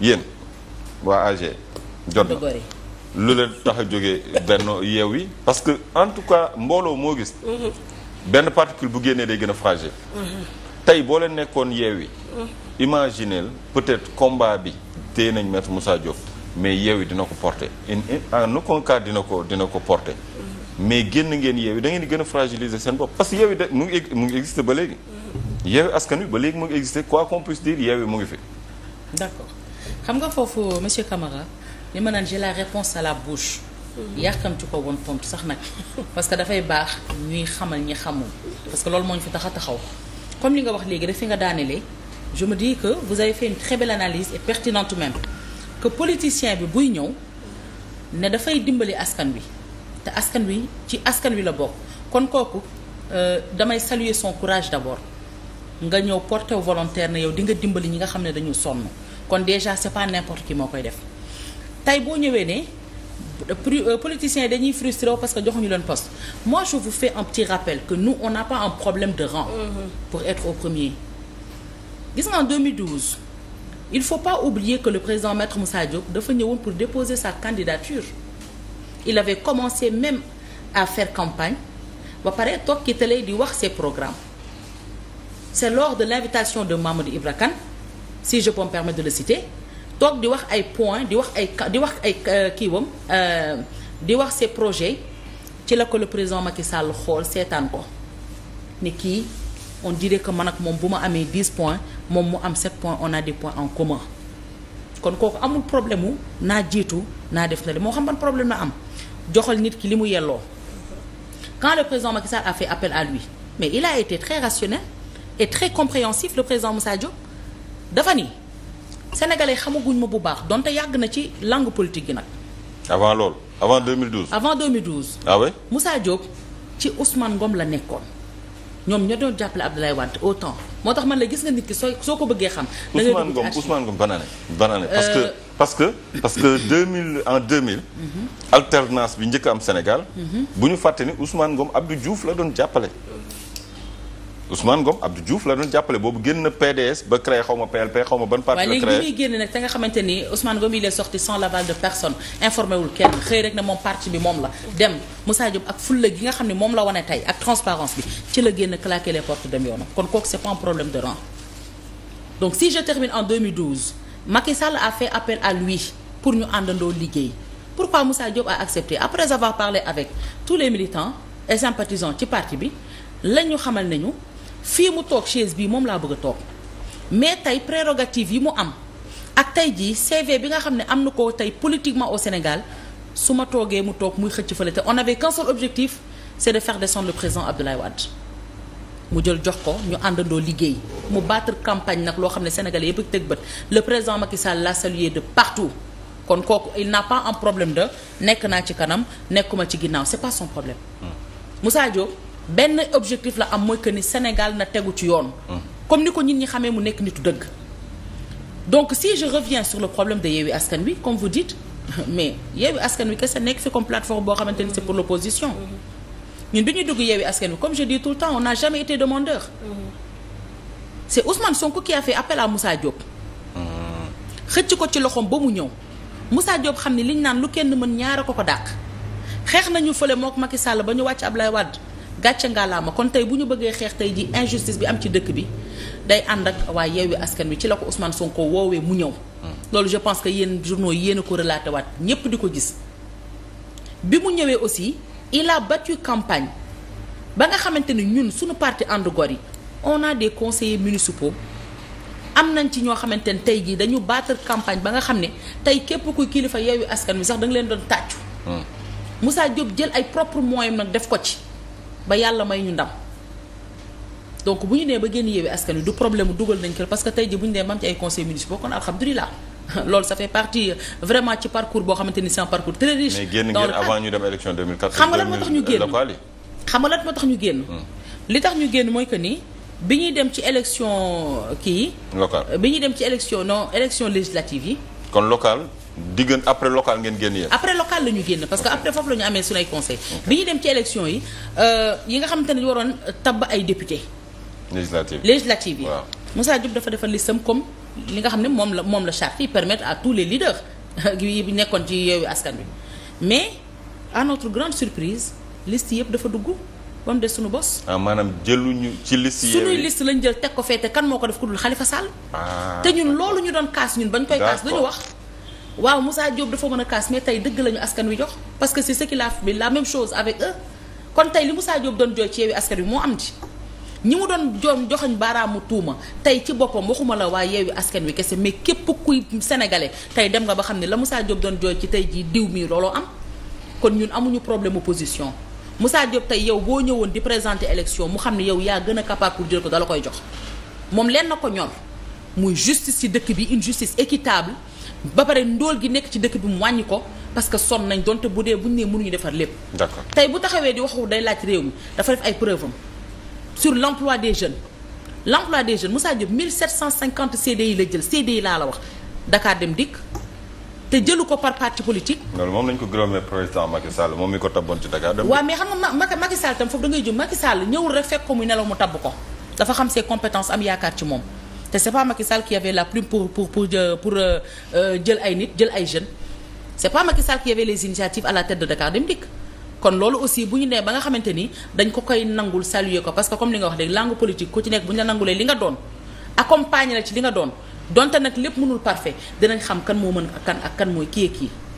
yéen waa AG jot na lu leen tax a jógee benn yeew yi parce que en tout cas mbooloo moo gis mhm. benn particule bu génnee day gën a fragile mhm. tey boo leen nekkoon yeew yi mhm. imaginez peut-être combat bi téye nañ maître Moussa Diop mais yeew yi dina ko porter en aucun cas dina ko dina ko porter mais génn ngeen yeew yi da ngeen di gën a fragiliser seen bopp parce que yeew yi de mu ngi mu ngi existe ba léegi yeew yi askan wi ba léegi mu ngi existe quoi qu'on puisse dire yi mu ngi fi xam nga foofu monsieur Camara li ma naan j'ai la réponse à la bouche. yàkkamti ko woon tontu sax nag parce que dafay baax ñuy xamal ñi xamul parce que loolu moo ñu fi tax a taxaw comme li nga wax léegi daf fi nga daanelee je me dis que vous avez fait une et pertinente même que politicien bi buy ñëw ne dafay dimbali askan wi te askan wi ci askan wi la bokk kon kooku euh, damay saluer son courage d'abord nga ñëw porter volontaire na yow di nga dimbali ñi nga xam ne dañu sonn kon déjà c'est pas n'importe qui moo koy def tey boo ñëwee ne euh, politiciens yi dañuy frustré parce que joxuñu leen poste moi je vous fais un petit rappel que nous on n'a pas un problème de rang mm-hmm. pour être au premier gis nga en il faut pas oublier que le président Maître Moussa Diop dafa ñëwoon pour déposer sa candidature il avait commencé même à faire campagne ba pare toog ci télé di wax ses programmes c'est lors de l'invitation de Mamadou Ibra Kane si je peux me permettre de le citer toog di wax ay point di wax ay di wax ay euh, kiiwam euh, di wax ses projet ci la ko le président Macky Sall xool seetaan ko ni kii on dirait que man ak moom bu ma amee 10 points moom mu am 7 points on a des points en commun kon kooku amul problème mu naa jiitu naa def na le moo xam man problème la am joxal nit ki li mu yelloo quand le président Macky Sall a fait appel à lui mais il a été très rationnel et très compréhensif le président Moussa dafa ni sénégalais xamaguñ ma bu baax donte yàgg na ci langue politique gi nag. avant loolu avant 2012. avant 2012. ah oui Moussa Diop ci Ousmane Ngom la nekkoon ñoom ñoo doon jàppale Abdoulaye Wade au temps moo tax man la gis nga nit ki soo ko bëggee xam. da ngay Ousmane Ngom Ousmane Ngom ban année. ban année euh, parce que parce que parce que 2000 en 2000. Mhm. alternance bi njëkk am Sénégal. Mhm. bu ñu fàtte ni Ousmane Ngom Abdou Diouf la doon jàppale. Ousmane Ngom Abdou Diouf la doon jàppale boobu génn PDS ba créé xaw PLP xaw ban parti la créé waaye léegi ñuy génn nag te nga xamante ni Ousmane Ngom il est sorti sans l'aval de personne informé kenn xëy rek ne moom parti bi moom la dem Moussa Diop ak fulla gi nga xam ne moom la wane tey ak transparence bi ci la génn claquer les portes dem yoonam kon kooku c'est pas un problème de rang donc si je termine en 2012 Macky Sall appel à lui pour ñu àndandoo fii mu toog chaise bi moom laa bëgg a toog mais tey prérogative yi mu am ak tey jii CV bi nga xam ne am na ko tey politiquement au Sénégal su ma toogee mu toog muy xëcc fële te on avait qu'un seul objectif c'est de faire descendre le président Abdoulaye Wade mu jël jox ko ñu àndandoo liggéey mu battre campagne nag loo xam ne sénégal yëpp ak tëg bët le président Macky Sall l'a salué de partout kon kooku il n'a pas un problème de nekk naa ci kanam nekkuma ci ginnaaw c'est pas son problème hmm. benn objectif la am mooy que ni Sénégal na tegu ci yoon. comme ni ko nit ñi xamee mu nekk nitu dëgg. donc si je reviens sur le problème de Yewwi Askan Wi comme vous dites mais Yewwi Askan Wi kese nekk fi comme plateforme boo xamante ni c'est pour l'opposition. ñun bi ñuy dugg Yewwi Askan Wi comme je dis tout le temps on n'a jamais été demandeur. c'est Ousmane Sonko qui a fait appel à Moussa Diop. xëcc ko ci loxoom ba mu ñëw. Moussa Diop xam ne liñ naan lu kenn mën ñaara ko ko dàq. xeex nañu fële mook Macky Sall ba ñu wàcc Ablaye Wade. gàcce ngalaama kon tey bu ñu bëggee xeex tey ji injustice bi am ci dëkk bi day ànd ak waa Yewwi Askan Wi ci la ko Ousmane Sonko woowee mu ñëw. Mm. loolu je pense que yéen journaux yéen ko relaté waat ñëpp di ko gis. bi mu ñëwee aussi il a battu campagne ba nga xamante ni ñun suñu parti ànd gor yi on a des conseillers municipaux am nañ ci ñoo xamante ne tey jii dañu baatal campagne ba nga xam ne tey képp kuy kilifa Yewwi Askan Wi sax da leen doon tàccu. Mm. Moussa Diop jël ay propres moyens nag def ko ci. ba yàlla may ñu ndam donc bu ñu nee ba génn Yewwi Askan Wi du problème dugal nañ ko parce que tey jii bu ñu nee ba am ci ay conseils municipaux kon alhamdulilah loolu ça fait partie vraiment ci parcours boo xamante ni san un parcours très riche. mais génn xam nga lan moo tax ñu génn xam moo tax ñu génn. li tax ñu génn mooy que nii bi ñuy dem ci élection kii. local bi ñuy dem ci élection non élection législative yi. kon local. diggante après local ngeen génn yéen. après local la ñu génn parce que après foofu la ñu amee suñu ay conseil bi ñu dem ci élection yi euh, yi nga xam ne ñu waroon tabb ay député législative législative yi. waaw Moussa Diop dafa defal listam comme li nga xam ne moom la moom la charte yi permettre à tous les leaders yi nekkoon ci yeewu askan bi mais à notre grande surprise list yëpp dafa dugg. ba mu des suñu bos. ah maanaam jëluñu ci liste yi. suñuy liste lañ jël teg ko fee kan moo ko def ku dul Khalifa Sall. Ah. te loolu ñu doon kaas ñun bañ wax. waaw musaa jóob dafa mën a kaas mais tey dëgg lañu askan wi jox parce que c'est ce qu'il a fait la même chose avec eux kon tey li Moussa Diop doon jooy ci yeewi askan wi moo am ci ñi mu doon joom joxoñ baaraamu tuuma tey ci boppam waxuma la waa yeewi askan wi kese mais képp kuy sénégalais tey dem nga ba xam ne la Moussa Diop doon jooy ci tey jii diw mii looloo am kon ñun amuñu problème opposition Moussa Diop tey yow boo ñëwoon di présenter élection mu xam ne yow yaa gën a capable pour ko dala koy jox moom lenn ko ñor muy justice ci dëkk bi une justice équitable ba pare ndool gi nekk ci dëkk bi mu wàññi ko parce que sonn nañ donte bu dee buñ nee mënuñu defar lépp. d'accord tey bu taxawee di waxu day laaj réew mi dafa def ay preuve am sur l'emploi des jeunes l'emploi des jeunes Moussa Diop 1750 CDI la jël CDI laa la wax Dakar dem dikk te jëlu ko par parti politique. loolu moom lañ ko gërëmee président Macky Sall moom mi ko tabboon ci Dakar dem. waaw mais xam nga Macky tam foofu da ngay jóg Macky ko muy nelaw mu tabb ko dafa xam ses compétences am yaakaar ci moom. te c'est ak Macky Sall qui avait la plume pour pour pour euh, pour euh, euh, jël ay nit jël ay jeunes c'est pas Macky Sall qui avait les initiatives à la tête de Dakar Dem Dikk kon loolu aussi bu ñu nee ba nga xamante ni dañ ko koy nangul saluer ko parce que comme li nga wax léegi langue politique ku ci nekk bu ñu la nangulee li nga doon accompagner la ci li nga doon donte nag lépp mënul parfait dinañ xam kan moo mën ak kan ak kan mooy kii ak kii